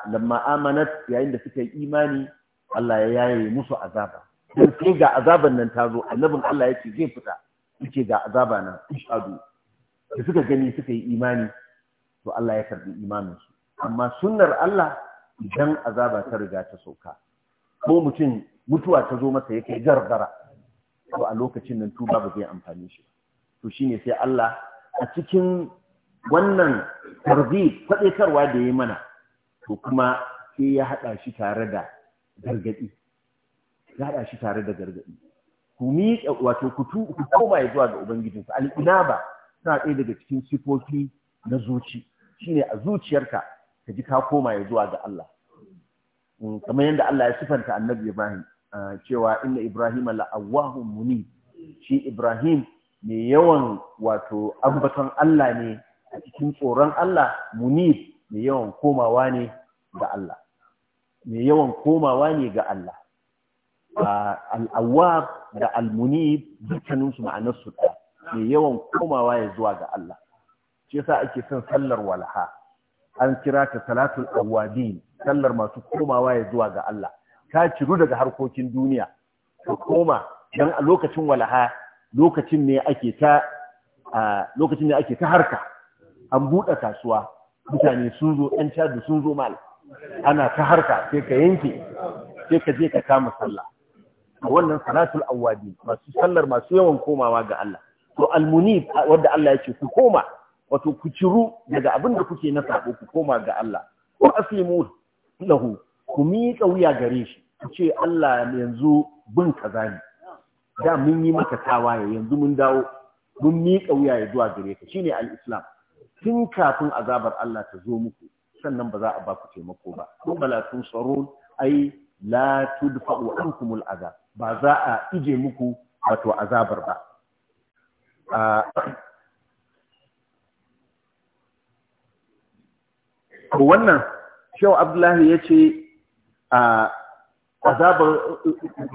lamma amanar yayin da suka yi imani Allah ya yaye musu azaba sai ga azaban nan ta zo annabin Allah ya ce zai fita yake ga azaba nan ishadu da suka gani suka yi imani to Allah ya karbi imanin su amma sunnar Allah idan azaba ta riga ta sauka ko mutum mutuwa ta zo masa yake gargara to a lokacin nan tuba ba zai amfani shi to shine sai Allah a cikin wannan tarbi faɗaitarwa da ya mana to kuma sai ya haɗa shi tare da gargadi. Gada shi tare da gargaɗi ku miƙe wato ku ku koma zuwa ga ubangijinku ba suna ɗaya daga cikin sifofi na zuci shine a zuciyarka ka ji ka koma zuwa ga Allah mm, kamar yadda Allah ya sifanta annabi Ibrahim cewa inna Ibrahim awahu muni shi Ibrahim mai yawan wato ambaton Allah ne a cikin tsoron Allah muni ne yawan komawa ne ga Allah mai yawan komawa ne ga Allah al'awab da almunib dukkaninsu ma'anar su ɗaya mai yawan komawa ya zuwa ga Allah shi sa ake son sallar walha an kira ka salatul awabin sallar masu komawa ya zuwa ga Allah ka ciru daga harkokin duniya ka koma dan a lokacin walaha lokacin ne ake ta lokacin ne ake ta harka an buɗe kasuwa mutane sun zo ɗan cadu sun zo mal ana ta harka sai ka yanke sai ka je ka kama sallah A wannan salatul awwabi masu sallar masu yawan komawa ga Allah to almunib wanda Allah ya ce ku koma wato ku ciru daga abin da kuke na sabo ku koma ga Allah Ko aslimu lahu ku miƙa wuya gare shi ku ce Allah yanzu bin kaza ne da mun yi maka tawaye yanzu mun dawo mun miƙa wuya ya zuwa gare ka shine al-islam tun kafin azabar Allah ta zo muku sannan ba za a ba ku taimako ba kun bala tun tsaron ai la tudfa'u ankumul azab ba za a ije muku wato azabar ba to wannan shehu abdullahi ya ce azabar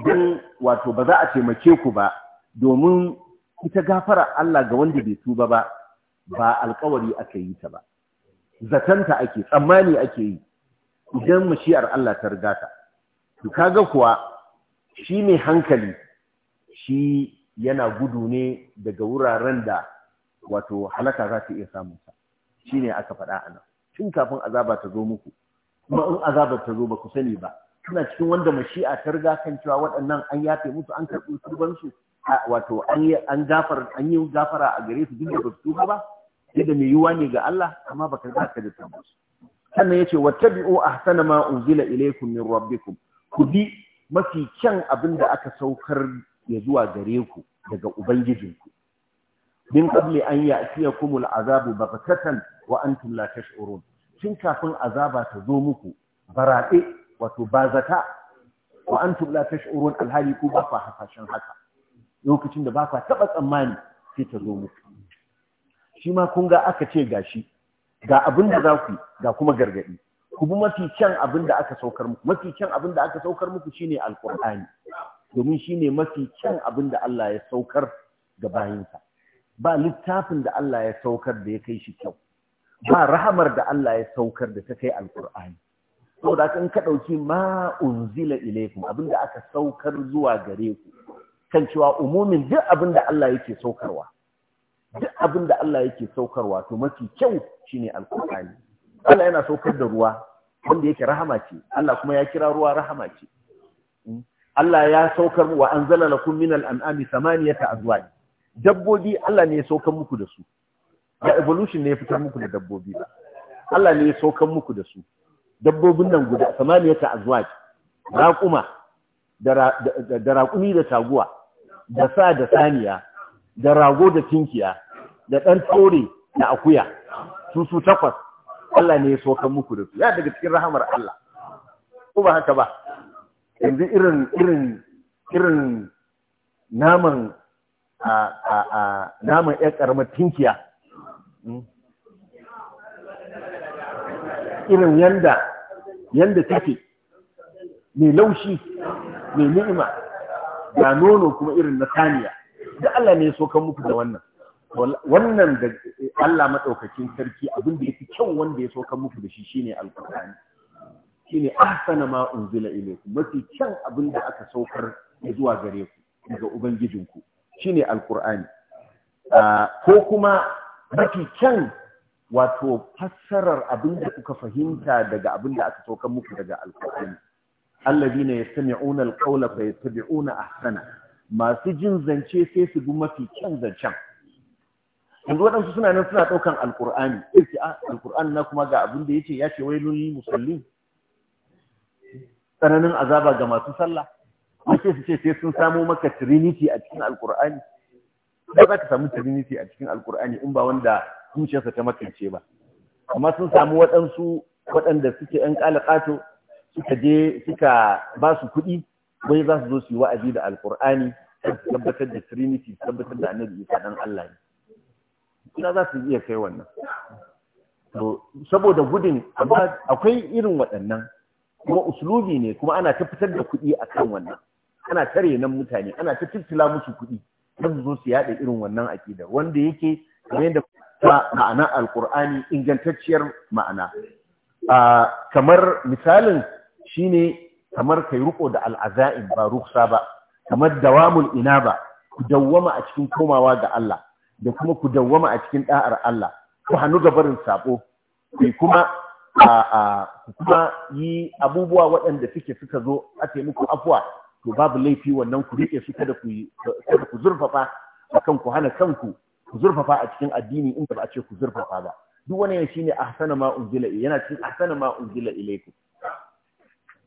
don wato ba za a taimake ku ba domin ita gafara Allah ga wanda bai tuba ba ba alkawari aka yi ta ba zatanta ake tsammani ake yi idan mashi'ar Allah ta riga ta to kaga kuwa shi mai hankali shi yana gudu ne daga wuraren da wato halaka za ta iya samunsa shi ne aka faɗa a nan tun kafin azaba ta zo muku kuma in azabar ta zo ba ku sani ba Kuna cikin wanda mashi'a ta riga kan cewa waɗannan an yafe musu an karɓi tubansu wato an gafar an yi gafara a gare su duk da ba su tuba ba yadda mai yiwuwa ne ga Allah amma baka za ka da tabbas sannan ce, wattabi'u ahsana ma unzila ilaikum min rabbikum ku bi mafi kyan abin da aka saukar ya zuwa gare ku daga ubangijinku min qabli an kuma al'azabu katan wa antum la shi’urun. cin kafin azaba ta zo muku baraɗe wato bazata wa antum la shi’urun alhali ko ba ku hasashen haka lokacin da ba ku taɓa tsammani sai ta zo muku shi ma kun ga aka ce gashi ga abin da za ku ga kuma gargaɗi ku bi mafi kyan abin da aka saukar muku mafi kyan abin da aka saukar muku shine alqur'ani domin shine mafi kyan abin da Allah ya saukar ga bayinsa ba littafin da Allah ya saukar da ya kai shi kyau ba rahamar da Allah ya saukar da ta kai alqur'ani saboda in ka dauki ma unzila ilaykum abin da aka saukar zuwa gare ku kan cewa umumin duk abin da Allah yake saukarwa duk abin da Allah yake saukarwa to mafi kyau shine alqur'ani Allah yana saukar da ruwa wanda yake rahama ce Allah kuma ya kira ruwa rahama ce hmm? Allah ya saukar wa anzala lakum minal an'ami thamaniyata azwaj dabbobi Allah ne ya saukar muku da su ya evolution ne ya fitar muku da dabbobi ba Allah ne ya saukar muku da su dabbobin nan guda thamaniyata azwaj raquma da raƙumi da taguwa da sa da saniya da rago da tinkiya da ɗan tsore da akuya su su takwas Allah ne ya sokan muku da su ya daga cikin rahamar Allah ko ba haka ba yanzu irin irin irin naman a a a naman ƙaramar tinkiya hmm? irin yanda yanda take mai laushi mai ni'ima ga nono kuma irin na saniya da Allah ne ya sokan muku da wannan wannan da Allah madaukakin sarki abin da yake kyau wanda ya sauka muku da shi shine alqur'ani shine ahsana ma unzila ilaykum mafi kyan abin da aka saukar zuwa gare ku daga ubangijinku shine alqur'ani ko kuma mafi kyan wato fassarar abin da kuka fahimta daga abin da aka saukar muku daga alqur'ani alladhina yastami'una alqawla fayattabi'una ahsana masu jin zance sai su bi mafi kyan zancen yanzu waɗansu suna nan suna ɗaukan alƙur'ani ce a ah, alƙur'ani na kuma ga abin da ya ce ya ce wai nuni musallin tsananin azaba ga masu sallah ake su ce sai sun samo maka trinity a cikin alƙur'ani ba za ka samu trinity a cikin alƙur'ani in ba wanda zuciyarsa ta makance ba amma sun samu waɗansu waɗanda suke ‘yan ƙalaƙato suka je suka ba su kuɗi wai za su zo su yi wa'azi da alƙur'ani tabbatar da trinity tabbatar da annabi isa dan allah ne ina za su iya kai wannan to saboda gudun amma akwai irin waɗannan kuma uslubi ne kuma ana ta fitar da kuɗi akan wannan ana tare nan mutane ana ta tiltila musu kuɗi don zo su yaɗa irin wannan aƙidar wanda yake kamar yadda ma'ana alƙur'ani ingantacciyar ma'ana kamar misalin shine kamar kai ruƙo da al'aza'in ba ruksa ba kamar dawamul ina ba ku dawwama a cikin komawa ga Allah da kuma ku dawwama a cikin da'ar Allah ku hannu ga barin sabo ku kuma a kuma yi abubuwa waɗanda suke suka zo a muku afuwa to babu laifi wannan ku rike su kada ku kada ku zurfafa akan ku hana kanku ku zurfafa a cikin addini in ba a ce ku zurfafa ba duk wani shine ahsana ma unzila yana cikin ahsana ma unzila ilaykum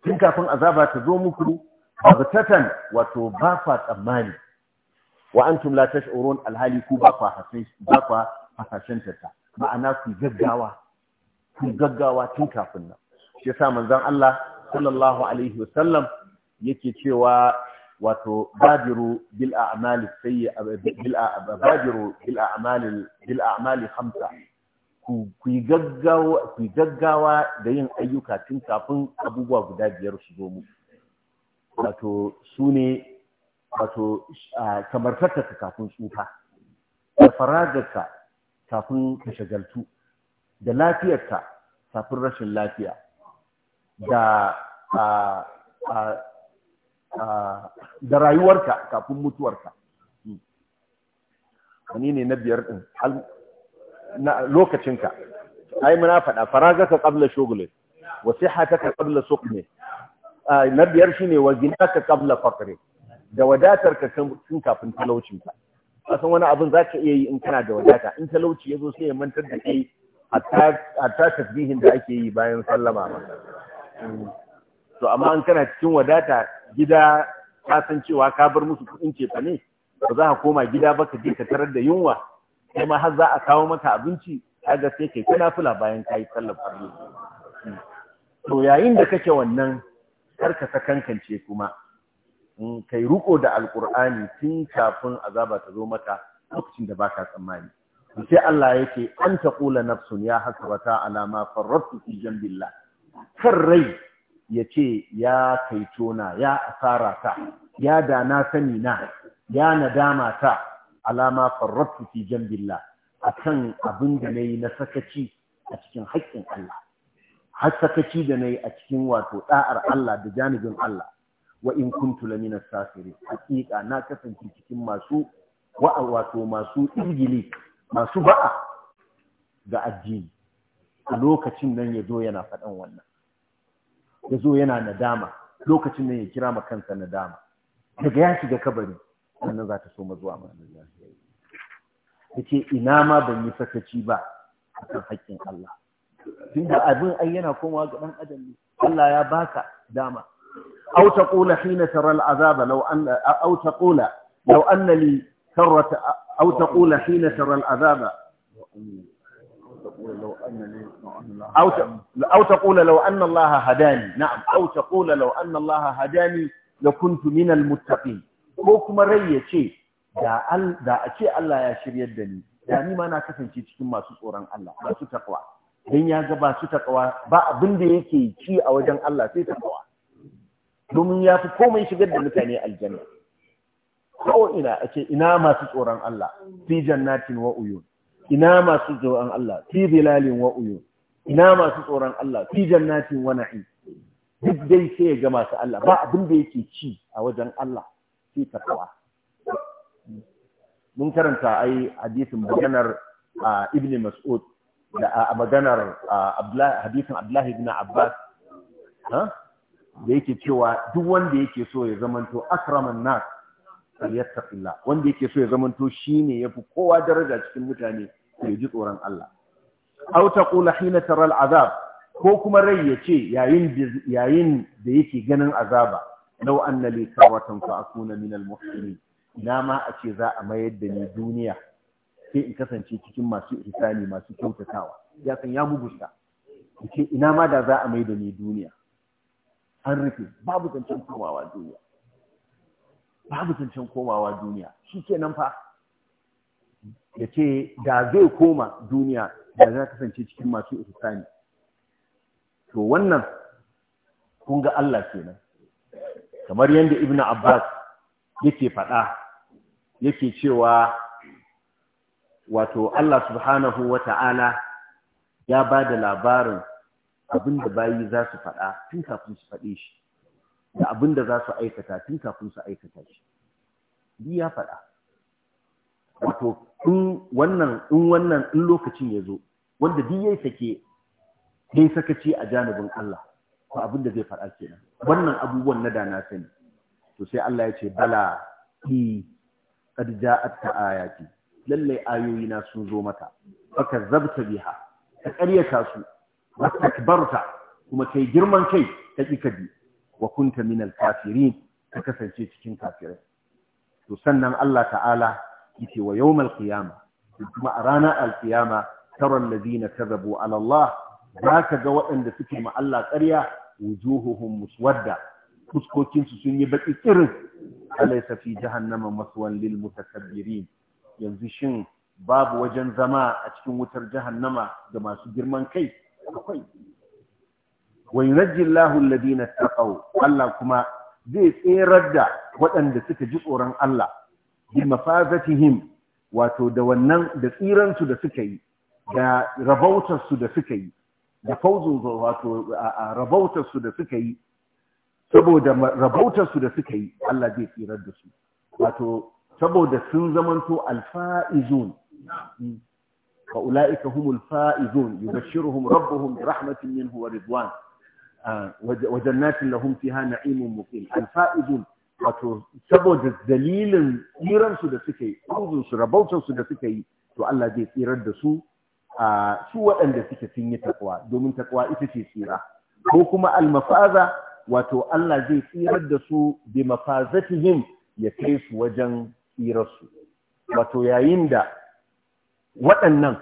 tun kafin azaba ta zo muku ba batatan wato ba fa tsammani wa antum la tash'urun alhali ku ba kwa ba kwa hasashen ta ma'ana ku gaggawa ku gaggawa tun kafin nan shi sa manzon Allah sallallahu alaihi wasallam yake cewa wato badiru bil a'mal sayyi bil bajiru bil a'mal bil a'mal khamsa ku ku gaggawa ku gaggawa da yin ayyuka tun kafin abubuwa guda biyar su zo mu. wato sune wato samartarka kafin tsufa da faragarka kafin ka shagaltu da lafiyarka kafin rashin lafiya da da rayuwarka kafin mutuwarka wani ne na biyar ɗin lokacinka ai muna faɗa faragarka ƙabla shogule wasu hataka ƙabla sukne na biyar shi ne wa gina ka ƙabla fakirin da wadatar ka tun kafin talaucin ka san wani abin za ka iya yi in kana da wadata in talauci ya zo sai ya mantar da kai a ta tasbihin da ake yi bayan sallama ba. to amma in kana cikin wadata gida ka san cewa ka bar musu kuɗin cefa ne ba za ka koma gida ba ka je ka tarar da yunwa sai ma har za a kawo maka abinci kaga sai kai Kuna fula bayan kayi sallar farko to yayin da kake wannan kar ka sakankance kuma in kai ruko da alkur'ani tun kafin azaba ta zo maka lokacin da baka tsammani sai Allah yake an taqula nafsun ya hasrata ala ma farrattu fi jambillah kar rai yace ya kaito na ya asara ta ya dana sani na ya nadama ta ala ma farrattu fi jambillah akan abin da nayi na sakaci a cikin haƙƙin Allah har sakaci da nayi a cikin wato da'ar Allah da janibin Allah wa in kuntu minas safirin hakika na kasance cikin masu wa wato masu ingili masu ba'a ga addini a lokacin nan ya zo yana faɗan wannan ya zo yana nadama lokacin nan ya kira ma kansa nadama daga ya shiga kabari sannan za ta so mazuwa mana ya yake ina ma ban yi sakaci ba a kan haƙƙin Allah tunda abin ai yana komawa ga ɗan adam ne Allah ya baka dama أو تقول حين ترى العذاب لو أن أو تقول لو أن لي أو تقول حين ترى العذاب أو أو تقول لو أن الله هداني نعم أو تقول لو أن الله هداني لكنت من المتقين ko kuma rai ya ce da a ce Allah ya shiryar da ni da ni ma na kasance cikin masu tsoron Allah masu taqwa Don ya ga ba su taqwa ba abin da yake ci a wajen Allah sai taqwa domin ya fi komai shigar da mutane aljanna ko ina a ina masu tsoron Allah fi jannatin wa uyun ina masu tsoron Allah fi bilalin wa uyun ina masu tsoron Allah fi jannatin wa na'im duk dai sai ya ga masu Allah ba abin da yake ci a wajen Allah sai takawa mun karanta ai hadisin maganar ibn mas'ud da maganar hadisin Abdullahi ibn Abbas ha da yake cewa duk wanda yake so ya zamanto akraman nas falyattaqillah wanda yake so ya zamanto shine yafi kowa daraja cikin mutane ya ji tsoron Allah aw taqula hina tara al'azab ko kuma rai yace yayin yayin da yake ganin azaba law anna li karwatan fa akuna min al-muhsinin ina ma a ce za a mayar da ni duniya sai in kasance cikin masu ihsani masu kyautatawa ya san ya bugusta ina ma da za a mayar da ni duniya an rufe babu zancen komawa duniya babu zancen komawa duniya shi ke nan fa ya ce da zai koma duniya da za kasance cikin masu ihsani to wannan kun ga Allah ke nan. kamar yadda Ibn Abbas yake faɗa yake cewa wato Allah subhanahu wa ta'ala, ya ba da labarin abin da bayi za su faɗa tun kafin su faɗe shi da abin da za su aikata tun kafin su aikata shi duk ya faɗa wato in wannan in wannan in lokacin ya zo wanda duk ya sake dai sakaci a janibin Allah ko abin da zai faɗa kenan wannan abubuwan na da na sani to sai Allah ya ce bala ki qad ja'at ta ayati lalle na sun zo maka fakazzabta biha ka ƙaryata su wastakbarta kuma kai girman kai ka kika bi wa kunta min al-kafirin ka kasance cikin kafirai to sannan Allah ta'ala yake wa yawmal qiyama kuma a ranar al-qiyama tara alladhina kadhabu ala Allah zaka ga waɗanda suke ma Allah ƙarya wujuhuhum muswadda fuskokin su sun yi baki irin alaysa fi jahannama maswan lil mutakabbirin yanzu shin babu wajen zama a cikin wutar jahannama ga masu girman kai bakwai wa yunajji Allahu alladhina taqaw Allah kuma zai tserar da waɗanda suka ji tsoron Allah bi mafazatihim wato da wannan da tsiransu da suka yi da rabautarsu da suka yi da fauzun wato rabautarsu da suka yi saboda rabautarsu da suka yi Allah zai tsirar da su wato saboda sun zamanto alfa'izun wa ula'ika humul fa'izun yubashshiruhum rabbuhum bi rahmatin yin wa ridwan Wajen jannatin lahum fiha na'imun muqim al fa'izun wato saboda dalilin tsiran su da suka yi auzun su da suka yi to Allah zai tsirar da su a su waɗanda suke sun yi domin takwa ita ce tsira ko kuma al mafaza wato Allah zai tsirar da su bi mafazatihim ya kai su wajen tsirarsu wato yayin da waɗannan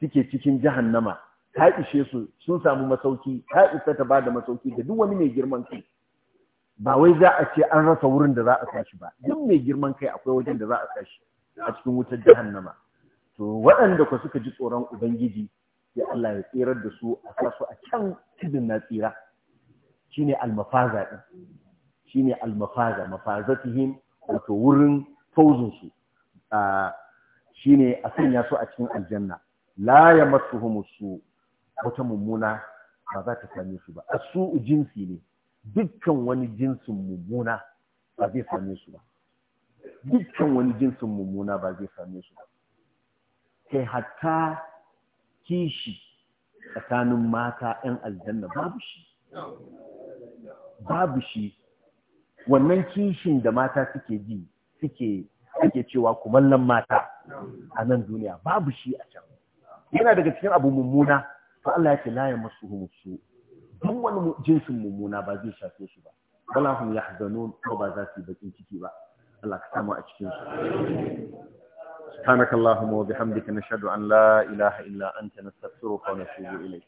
suke cikin jahannama ta ishe su sun samu masauki ta isa ta ba da masauki da duk wani mai girman kai ba wai za a ce an rasa wurin da za a sashi ba duk mai girman kai akwai wajen da za a sashi a cikin wutar jahannama to waɗanda ku suka ji tsoron ubangiji ya Allah ya tsirar da su a sa a can tudun na tsira shine almafaza din shine almafaza mafazatihim wato wurin fauzin su ah, shine a sanya su a cikin aljanna la ya yamassuhum su wata mummuna ba za ta same su ba asu jinsi ne dukkan wani jinsin mummuna ba zai same su ba dukkan wani jinsin mummuna ba zai same su ba kai hatta kishi tsakanin mata 'yan aljanna babu shi babu shi wannan kishin da mata suke ji suke ake cewa kumallon mata a nan duniya babu shi a can yana daga cikin abu mummuna fa Allah ya ce la yamassuhum su duk wani jinsin mummuna ba zai shafe su ba wala hum yahzanun ko ba za su yi bakin ciki ba Allah ka samu a cikin su سبحانك اللهم وبحمدك نشهد أن لا na إلا أنت نستغفرك ونتوب إليك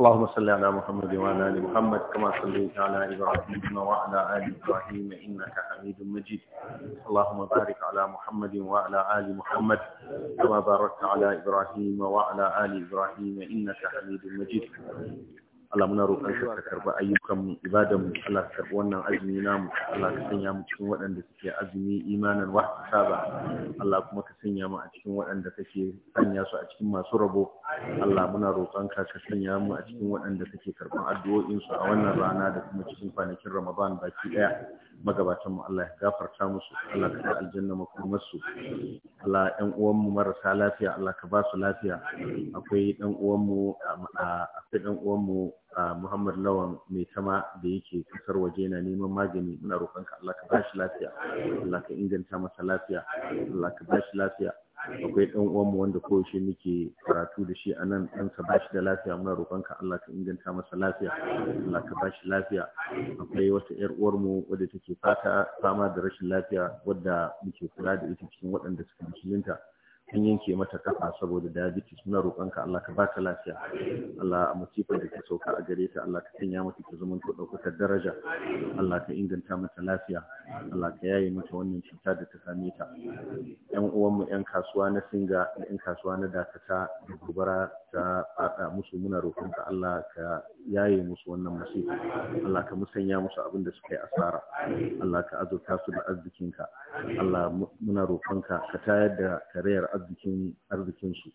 اللهم صل على محمد وعلى ال محمد كما صليت على ابراهيم وعلى ال ابراهيم انك حميد مجيد اللهم بارك على محمد وعلى ال محمد كما باركت على ابراهيم وعلى ال ابراهيم انك حميد مجيد Allah muna roƙon ka ka karba ayyukan ibadan mu Allah ka karba wannan azumi namu Allah ka sanya mu cikin waɗanda suke azumi imanan wa saba Allah kuma sanya mu a cikin waɗanda kake sanya su a cikin masu rabo Allah muna roƙonka ka sanya mu a cikin waɗanda kake karɓan addu'o'in su a wannan rana da kuma cikin kwanakin Ramadan baki ɗaya magabatan mu Allah ya gafarta musu Allah ka aljanna makomar su Allah ɗan uwan mu marasa lafiya Allah ka ba su lafiya akwai ɗan uwan mu akwai ɗan uwan mu Muhammad Lawan mai tama da yake kasar waje na neman magani muna ka Allah ka bashi lafiya Allah ka inganta masa lafiya Allah ka bashi lafiya akwai ɗan uwanmu wanda koyaushe muke karatu da shi a nan ka ba shi da lafiya muna ka Allah ka inganta masa lafiya Allah ka ba shi lafiya akwai wata ƴar uwarmu wadda take fata fama da rashin lafiya wadda muke kula da ita cikin waɗanda suka ta. kan yanke mata kafa saboda diabetes muna ka Allah ka bata lafiya Allah a musifar da ta sauka a gare ta Allah ka sanya mata ta zama ta ɗaukakar daraja Allah ka inganta mata lafiya Allah ka yaye mata wannan cuta da ta same ta ƴan uwanmu ƴan kasuwa na singa da ƴan kasuwa na dakata da gobara ta fada musu muna roƙonka Allah ka yaye musu wannan musibi Allah ka musanya musu abin da suka yi asara Allah ka azurta su da arzikinka Allah muna roƙonka ka tayar da karayar arzikin arzikin su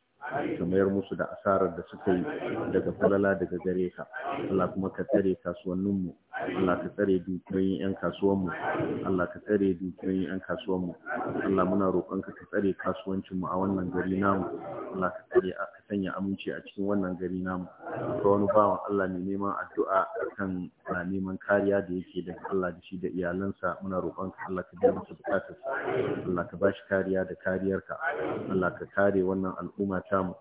ka mayar musu da asarar da suka yi daga falala daga gare ka Allah kuma ka tsare kasuwanninmu. Allah ka tsare dukiyoyin yan kasuwanmu Allah ka tsare dukiyoyin yan kasuwanmu Allah muna roƙon ka ka tsare kasuwancinmu a wannan gari namu Allah ka tsare ka sanya aminci a cikin wannan gari namu akwai wani bawan Allah mai neman addu'a kan na ah, neman kariya da yake da Allah da shi da iyalansa muna roƙon ka Allah ka biya masa bukatar Allah ka bashi kariya da kariyarka Allah ka kare wannan al'umma ta mu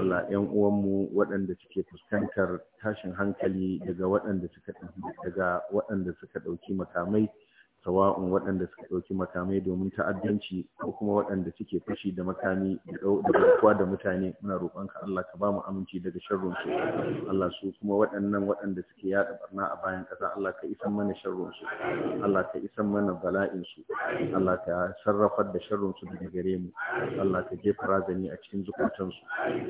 Allah ƴan uwan mu waɗanda suke fuskantar tashin hankali daga waɗanda suka daga waɗanda suka ɗauki makamai sawa'un waɗanda suka ɗauki makamai domin ta'addanci ko kuma waɗanda suke fashi da makami da garkuwa da mutane muna roƙonka Allah ka bamu aminci daga sharrun su Allah su kuma waɗannan waɗanda suke yaɗa barna a bayan ƙasa Allah ka isan mana sharrun su Allah ka isan mana bala'in su Allah ka sarrafar da sharrun su daga gare mu Allah ka jefa razani a cikin zukatan su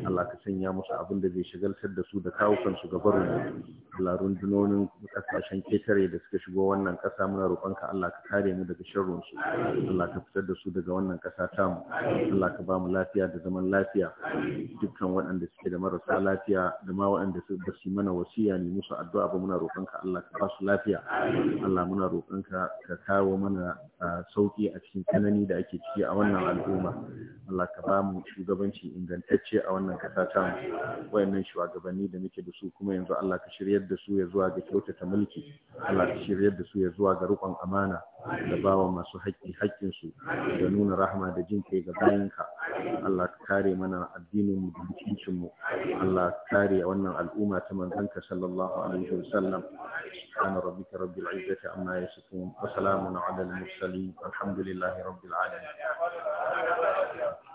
Allah ka sanya musu abin da zai shagaltar da su da kawukan su ga barin Allah rundunonin kasashen ketare da suka shigo wannan ƙasa muna roƙonka Allah Allah ka kare mu daga sharrin su Allah ka fitar da su daga wannan kasa ta mu Allah ka ba mu lafiya da zaman lafiya dukkan waɗanda suke da marasa lafiya da ma waɗanda su ba su mana wasiya ne musu addu'a ba muna ka Allah ka ba su lafiya Allah muna roƙon ka ka kawo mana sauki a cikin tsanani da ake ciki a wannan al'umma Allah ka ba mu shugabanci ingantacce a wannan kasa ta mu wayannan shugabanni da muke da su kuma yanzu Allah ka shiryar da su ya zuwa ga kyautata mulki Allah ka shiryar da su ya zuwa ga riƙon amana amana da bawa masu haƙƙi haƙƙinsu da nuna rahama da jin kai ga bayanka Allah ka kare mana addinin mu da mutuncin mu Allah ka kare wannan al'umma ta manzonka sallallahu alaihi wa sallam ana rabbika rabbil izzati amma yasifun wa salamun ala al mursalin alhamdulillahi rabbil alamin